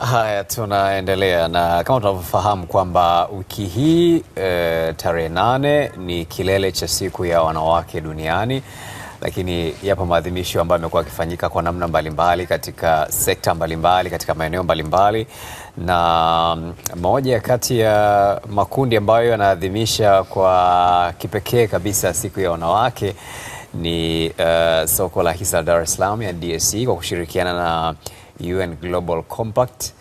Haya, tunaendelea na kama tunavyofahamu kwamba wiki hii e, tarehe nane ni kilele cha siku ya wanawake duniani, lakini yapo maadhimisho ambayo yamekuwa yakifanyika kwa namna mbalimbali katika sekta mbalimbali katika maeneo mbalimbali, na mm, moja ya kati ya makundi ambayo yanaadhimisha kwa kipekee kabisa siku ya wanawake ni uh, soko la hisa la Dar es Salaam ya DSE kwa kushirikiana na UN Global Compact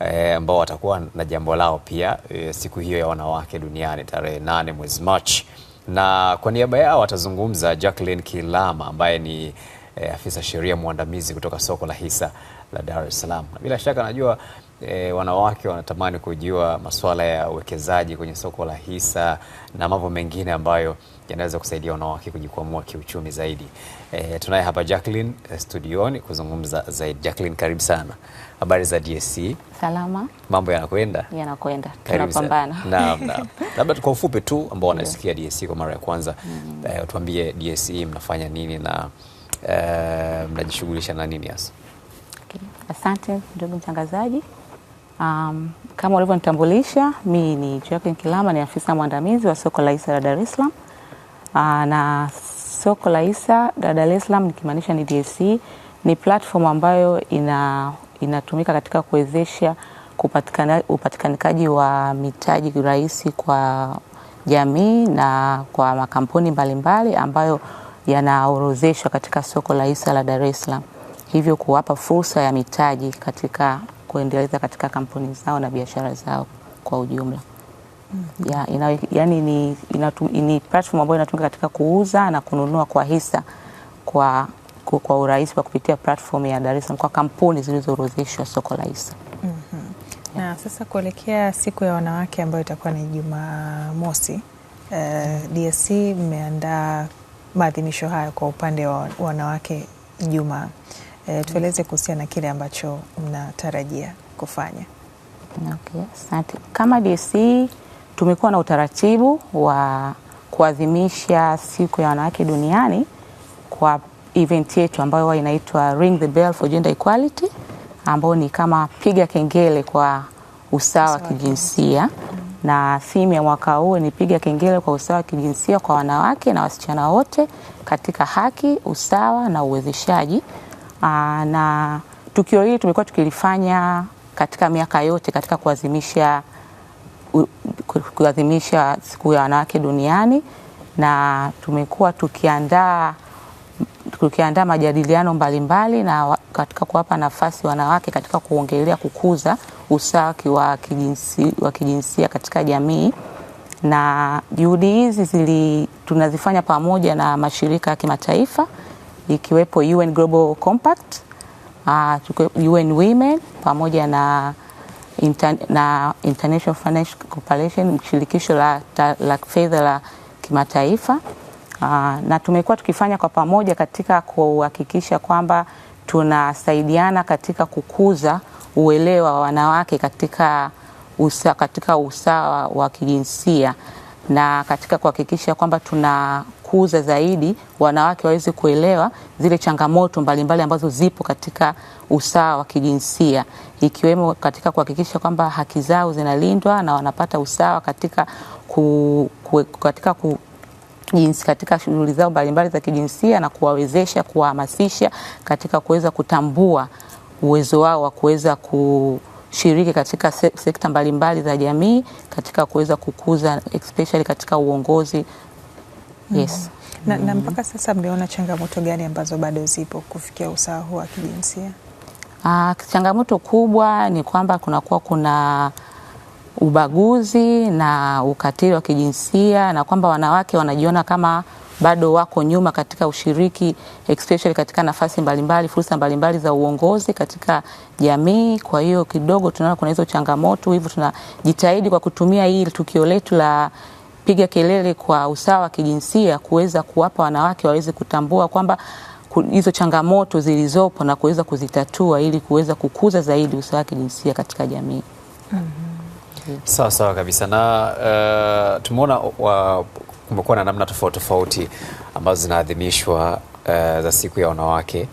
eh, ambao watakuwa na jambo lao pia e, siku hiyo ya wanawake duniani tarehe nane mwezi Machi, na kwa niaba yao watazungumza Jacqueline Kilama ambaye ni e, afisa sheria mwandamizi kutoka soko la hisa la Dar es Salaam, na bila shaka najua e, wanawake wanatamani kujua masuala ya uwekezaji kwenye soko la hisa na mambo mengine ambayo yanaweza kusaidia wanawake kujikwamua kiuchumi zaidi. E, tunaye hapa Jacqueline eh, studioni kuzungumza zaidi. Jacqueline, karibu sana. Habari za DSC? Salama. Mambo yanakwenda? Yanakwenda. Tunapambana. Naam, naam. Labda kwa ufupi tu ambao wanasikia DSC kwa mara ya kwanza, mm. E, tuambie DSC mnafanya nini na e, mnajishughulisha na nini hasa? Okay. Asante ndugu mtangazaji. Um, kama ulivyonitambulisha mi ni Joaquin Kilama, ni afisa mwandamizi wa soko la hisa la Dar es Salaam. Uh, na soko la hisa la Dar es Salaam nikimaanisha ni DSE, ni platform ambayo ina inatumika katika kuwezesha upatikanikaji wa mitaji rahisi kwa jamii na kwa makampuni mbalimbali mbali ambayo yanaorozeshwa katika soko la hisa la Dar es Salaam, hivyo kuwapa fursa ya mitaji katika kuendeleza katika kampuni zao na biashara zao kwa ujumla. Mm-hmm. Ya, ina, yani ni, inatum, ni platform ambayo inatumika katika kuuza na kununua kwa hisa kwa, kwa, kwa urahisi kwa kupitia platform ya Dar es Salaam kwa kampuni zilizoorodheshwa soko la hisa. Mm -hmm. Na sasa kuelekea siku ya wanawake ambayo itakuwa ni Jumamosi, eh, mm-hmm. DSC mmeandaa maadhimisho hayo kwa upande wa wanawake Ijumaa. E, tueleze kuhusiana na kile ambacho mnatarajia kufanya. Okay, asante. Kama DC tumekuwa na utaratibu wa kuadhimisha siku ya wanawake duniani kwa event yetu ambayo huwa inaitwa Ring the Bell for Gender Equality ambayo ni kama piga kengele kwa usawa wa kijinsia na theme ya mwaka huu ni piga kengele kwa usawa wa kijinsia kwa wanawake na wasichana wote katika haki, usawa na uwezeshaji Aa, ah, na tukio hili tumekuwa tukilifanya katika miaka yote katika kuadhimisha kuadhimisha siku ya wanawake duniani, na tumekuwa tukiandaa tukiandaa majadiliano mbalimbali mbali na katika kuwapa nafasi wanawake katika kuongelea kukuza usawa wa kijinsi, wa kijinsia katika jamii, na juhudi hizi zili tunazifanya pamoja na mashirika ya kimataifa ikiwepo UN Global Compact, uh, ah, UN Women pamoja na, inter, na International Financial Corporation, shirikisho la, la fedha la kimataifa uh, na tumekuwa tukifanya kwa pamoja katika kuhakikisha kwamba tunasaidiana katika kukuza uelewa wa wanawake katika usa, katika usawa wa kijinsia na katika kuhakikisha kwamba tuna kukuza zaidi wanawake waweze kuelewa zile changamoto mbalimbali mbali ambazo zipo katika usawa wa kijinsia ikiwemo katika kuhakikisha kwamba haki zao zinalindwa na wanapata usawa katika ku, ku, katika ku, jinsi katika shughuli zao mbalimbali za kijinsia na kuwawezesha kuwahamasisha katika kuweza kutambua uwezo wao wa kuweza kushiriki katika sekta mbalimbali za jamii katika kuweza kukuza especially katika uongozi Mm-hmm. Yes. Na, na mpaka sasa mmeona changamoto gani ambazo bado zipo kufikia usawa huu wa kijinsia? Aa, ah, changamoto kubwa ni kwamba kunakuwa kuna ubaguzi na ukatili wa kijinsia na kwamba wanawake wanajiona kama bado wako nyuma katika ushiriki especially katika nafasi mbalimbali, fursa mbalimbali za uongozi katika jamii. Kwa hiyo kidogo tunaona kuna hizo changamoto, hivyo tunajitahidi kwa kutumia hii tukio letu la kupiga kelele kwa usawa wa kijinsia, kuweza kuwapa wanawake waweze kutambua kwamba hizo changamoto zilizopo na kuweza kuzitatua ili kuweza kukuza zaidi usawa wa kijinsia katika jamii. mm -hmm. Sawa sawa kabisa na uh, tumeona kumekuwa na namna tofauti tofauti ambazo zinaadhimishwa uh, za siku ya wanawake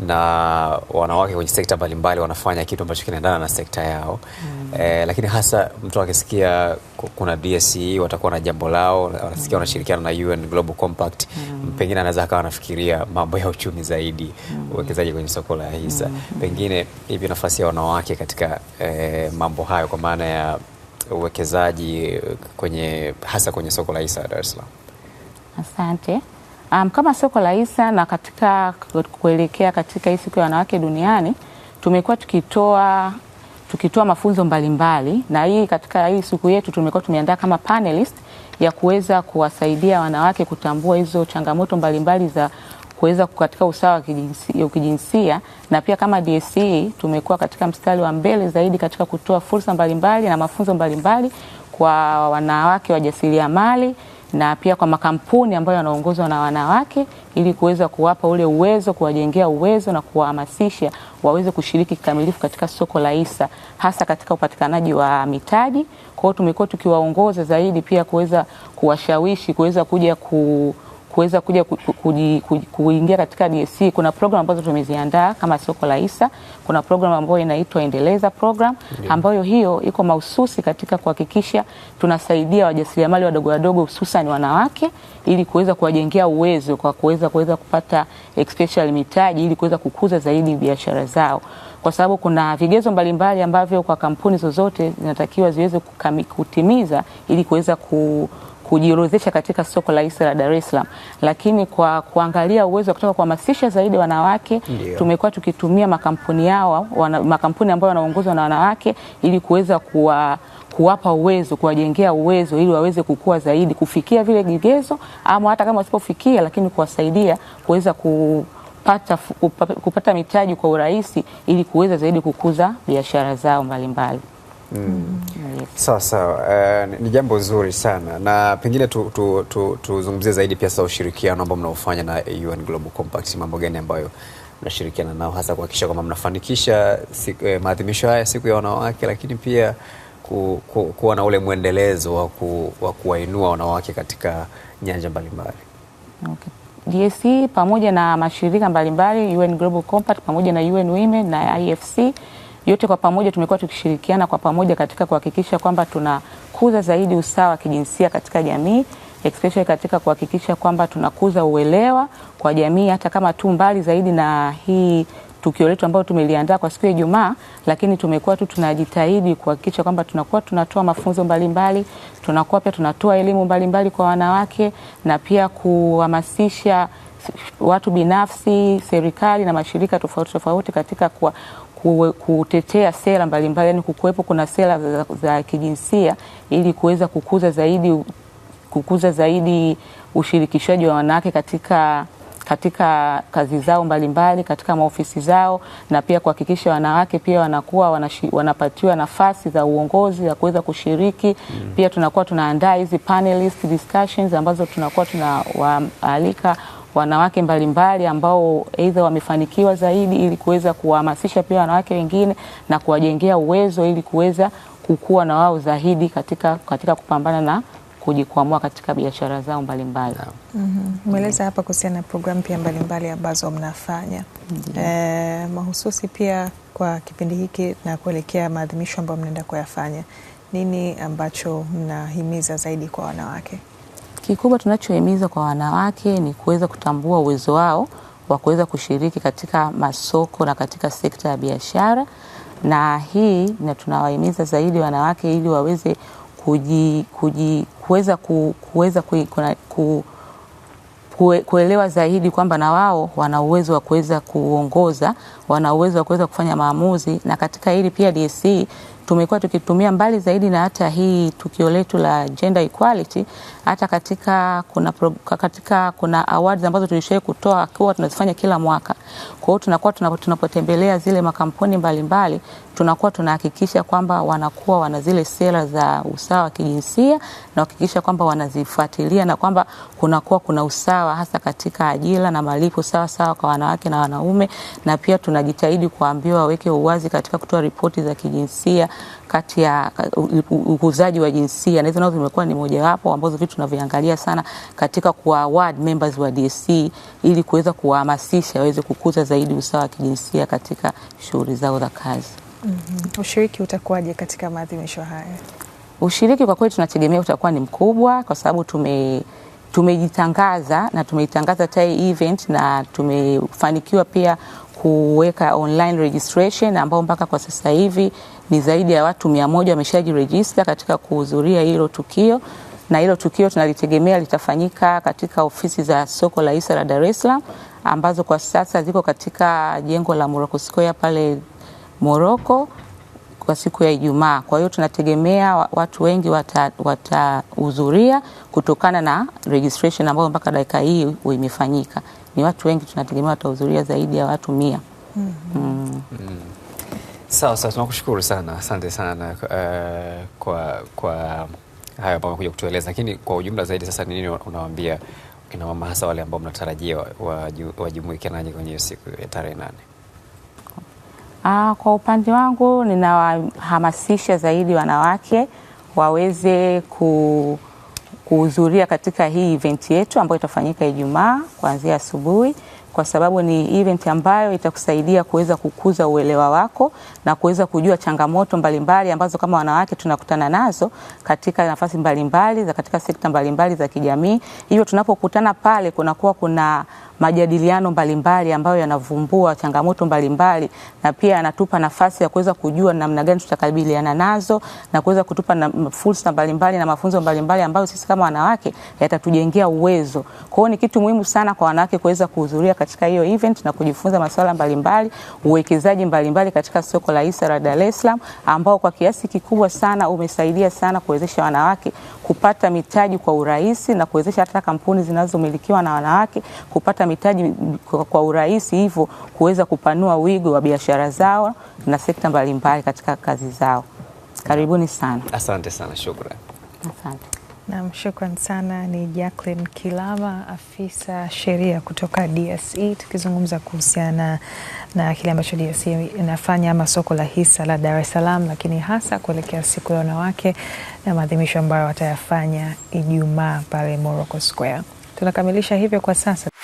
na wanawake kwenye sekta mbalimbali wanafanya kitu ambacho kinaendana na sekta yao mm. E, lakini hasa mtu akisikia kuna DSE watakuwa na jambo lao, anasikia mm. wanashirikiana na UN Global Compact mm. Pengine anaweza akawa anafikiria mambo ya uchumi zaidi, mm. uwekezaji kwenye soko la hisa mm. Pengine hivi nafasi ya wanawake katika e, mambo hayo kwa maana ya uwekezaji kwenye hasa kwenye soko la hisa ya Dar es Salaam. Asante. Um, kama soko la hisa na katika kuelekea katika hii siku ya wanawake duniani tumekuwa tukitoa tukitoa mafunzo mbalimbali mbali, na hii katika hii siku yetu tumekuwa tumeandaa kama panelist ya kuweza kuwasaidia wanawake kutambua hizo changamoto mbalimbali mbali za kuweza katika usawa wa kijinsia, kijinsia na pia kama DSE tumekuwa katika mstari wa mbele zaidi katika kutoa fursa mbalimbali mbali na mafunzo mbalimbali mbali kwa wanawake wajasiriamali na pia kwa makampuni ambayo yanaongozwa na wanawake ili kuweza kuwapa ule uwezo, kuwajengea uwezo na kuwahamasisha waweze kushiriki kikamilifu katika soko la hisa, hasa katika upatikanaji wa mitaji. Kwa hiyo tumekuwa tukiwaongoza zaidi pia kuweza kuwashawishi kuweza kuja ku kuweza kuja kuingia katika DSE, kuna program ambazo tumeziandaa kama soko la hisa. Kuna program ambayo inaitwa Endeleza program ambayo hiyo iko mahususi katika kuhakikisha tunasaidia wajasiriamali wadogo wadogo hususan wanawake ili kuweza kuwajengea uwezo kwa kuweza kuweza kupata especially mitaji ili kuweza kukuza zaidi biashara zao, kwa sababu kuna vigezo mbalimbali ambavyo kwa kampuni zozote zinatakiwa ziweze kutimiza ili kuweza ku kujiorodhesha katika soko la hisa la Dar es Salaam, lakini kwa kuangalia uwezo wa kutoka kuhamasisha zaidi wanawake Ndiyo. tumekuwa tukitumia makampuni yao wana, makampuni ambayo wanaongozwa na wanawake ili kuweza kuwa kuwapa uwezo kuwajengea uwezo ili waweze kukua zaidi kufikia vile vigezo, ama hata kama wasipofikia, lakini kuwasaidia kuweza kupata, kupata mitaji kwa urahisi ili kuweza zaidi kukuza biashara zao mbalimbali mbali. Mm. Sawa sawa, uh, ni jambo zuri sana na pengine tuzungumzie tu, tu, tu zaidi pia sasa ushirikiano ambao mnaofanya na UN Global Compact, mambo gani ambayo mnashirikiana nao hasa kuhakikisha kwamba mnafanikisha eh, maadhimisho haya siku ya wanawake, lakini pia ku, ku, kuwa na ule mwendelezo wa wa kuwainua wanawake katika nyanja mbalimbali okay. DSE pamoja na mashirika mbalimbali UN Global Compact pamoja na UN Women na IFC yote kwa pamoja tumekuwa tukishirikiana kwa pamoja katika kuhakikisha kwamba tunakuza zaidi usawa wa kijinsia katika jamii especially katika kuhakikisha kwamba tunakuza uelewa kwa jamii, hata kama tu mbali zaidi na hii tukio letu ambayo tumeliandaa kwa siku ya Ijumaa, lakini tumekuwa tu tunajitahidi kuhakikisha kwamba tunakuwa tunatoa mafunzo mbalimbali, tunakuwa pia tunatoa elimu mbalimbali kwa wanawake na pia kuhamasisha watu binafsi, serikali na mashirika tofauti tofauti katika kwa, kutetea sera mbalimbali, yani kukuwepo kuna sera za, za, kijinsia ili kuweza kukuza zaidi kukuza zaidi ushirikishaji wa wanawake katika katika kazi zao mbalimbali mbali, katika maofisi zao na pia kuhakikisha wanawake pia wanakuwa wanapatiwa nafasi za uongozi za kuweza kushiriki mm. Pia tunakuwa tunaandaa hizi panelist discussions ambazo tunakuwa tunawaalika wanawake mbalimbali ambao aidha wamefanikiwa zaidi, ili kuweza kuwahamasisha pia wanawake wengine na kuwajengea uwezo ili kuweza kukua na wao zaidi katika, katika kupambana na kujikwamua katika biashara zao mbalimbali. Mhm. Mm-hmm. Umeeleza mm -hmm. hapa kuhusiana na programu pia mbalimbali ambazo mnafanya mm -hmm. eh, mahususi pia kwa kipindi hiki na kuelekea maadhimisho ambayo mnaenda kuyafanya, nini ambacho mnahimiza zaidi kwa wanawake? Kikubwa tunachohimiza kwa wanawake ni kuweza kutambua uwezo wao wa kuweza kushiriki katika masoko na katika sekta ya biashara, na hii na tunawahimiza zaidi wanawake ili waweze kuweza kuweza kuelewa zaidi kwamba na wao wana uwezo wa kuweza kuongoza, wana uwezo wa kuweza kufanya maamuzi, na katika hili pia DSE tumekuwa tukitumia mbali zaidi na hata hii tukio letu la gender equality, hata katika kuna, pro, katika kuna awards ambazo tulishawahi kutoa kwa tunazifanya kila mwaka. Kwa hiyo tunakuwa tunapotembelea zile makampuni mbalimbali mbali, tunakuwa tunahakikisha kwamba wanakuwa wana zile sera za usawa wa kijinsia na kuhakikisha kwamba wanazifuatilia na kwamba kunakuwa kuna usawa hasa katika ajira na malipo sawa sawa kwa wanawake na wanaume, na pia tunajitahidi kuambiwa waweke uwazi katika kutoa ripoti za kijinsia kati ya ukuzaji wa jinsia, na hizo nazo zimekuwa ni mojawapo ambazo vitu tunavyoangalia sana katika kuaward members wa DSC ili kuweza kuwahamasisha waweze kukuza zaidi usawa wa kijinsia katika shughuli zao za kazi. Mm -hmm. Ushiriki utakuwaje katika maadhimisho haya? Ushiriki kwa kweli tunategemea utakuwa ni mkubwa kwa sababu tume tumejitangaza na tumeitangaza TAI event na tumefanikiwa pia kuweka online registration ambao mpaka kwa sasa hivi ni zaidi ya watu mia moja wameshajirejista katika kuhudhuria hilo tukio, na hilo tukio tunalitegemea litafanyika katika ofisi za soko la hisa la Dar es Salaam ambazo kwa sasa ziko katika jengo la Morocco Square pale Morocco kwa siku ya Ijumaa. Kwa hiyo tunategemea watu wengi watahudhuria wata kutokana na registration ambayo mpaka dakika hii imefanyika. Ni watu wengi tunategemea watahudhuria zaidi ya watu mia. Mm-hmm. Mm. Mm. Sawa sawa, tunakushukuru sana, asante sana uh, kwa kwa hayo ambayo umekuja kutueleza, lakini kwa ujumla zaidi, sasa ni nini unawaambia kina mama, hasa wale ambao mnatarajia wajumuike nanyi kwenye hiyo siku ya tarehe nane? Aa, ah, kwa upande wangu ninawahamasisha zaidi wanawake waweze ku kuhudhuria katika hii event yetu ambayo itafanyika Ijumaa kuanzia asubuhi kwa sababu ni event ambayo itakusaidia kuweza kukuza uelewa wako na kuweza kujua changamoto mbalimbali mbali ambazo kama wanawake tunakutana nazo katika nafasi mbalimbali mbali, za katika sekta mbalimbali mbali za kijamii. Hivyo tunapokutana pale kunakuwa kuna, kuwa kuna majadiliano mbalimbali ambayo yanavumbua changamoto mbalimbali na pia yanatupa nafasi ya kuweza kujua namna gani tutakabiliana nazo na kuweza kutupa na fursa mbalimbali na mafunzo mbalimbali ambayo sisi kama wanawake yatatujengea uwezo. Kwa hiyo ni kitu muhimu sana kwa wanawake kuweza kuhudhuria katika hiyo event na kujifunza masuala mbalimbali, uwekezaji mbalimbali katika soko la hisa la Dar es Salaam ambao kwa kiasi kikubwa sana umesaidia sana kuwezesha wanawake kupata mitaji kwa urahisi na kuwezesha hata kampuni zinazomilikiwa na wanawake kupata mitaji kwa urahisi, hivyo kuweza kupanua wigo wa biashara zao na sekta mbalimbali katika kazi zao. Karibuni sana. Asante sana, shukrani. Asante. Naam, shukran sana. Ni Jacqueline Kilama, afisa sheria kutoka DSE, tukizungumza kuhusiana na kile ambacho DSE inafanya ama soko la hisa la Dar es Salaam, lakini hasa kuelekea siku ya wanawake na maadhimisho ambayo watayafanya Ijumaa pale Morocco Square. Tunakamilisha hivyo kwa sasa.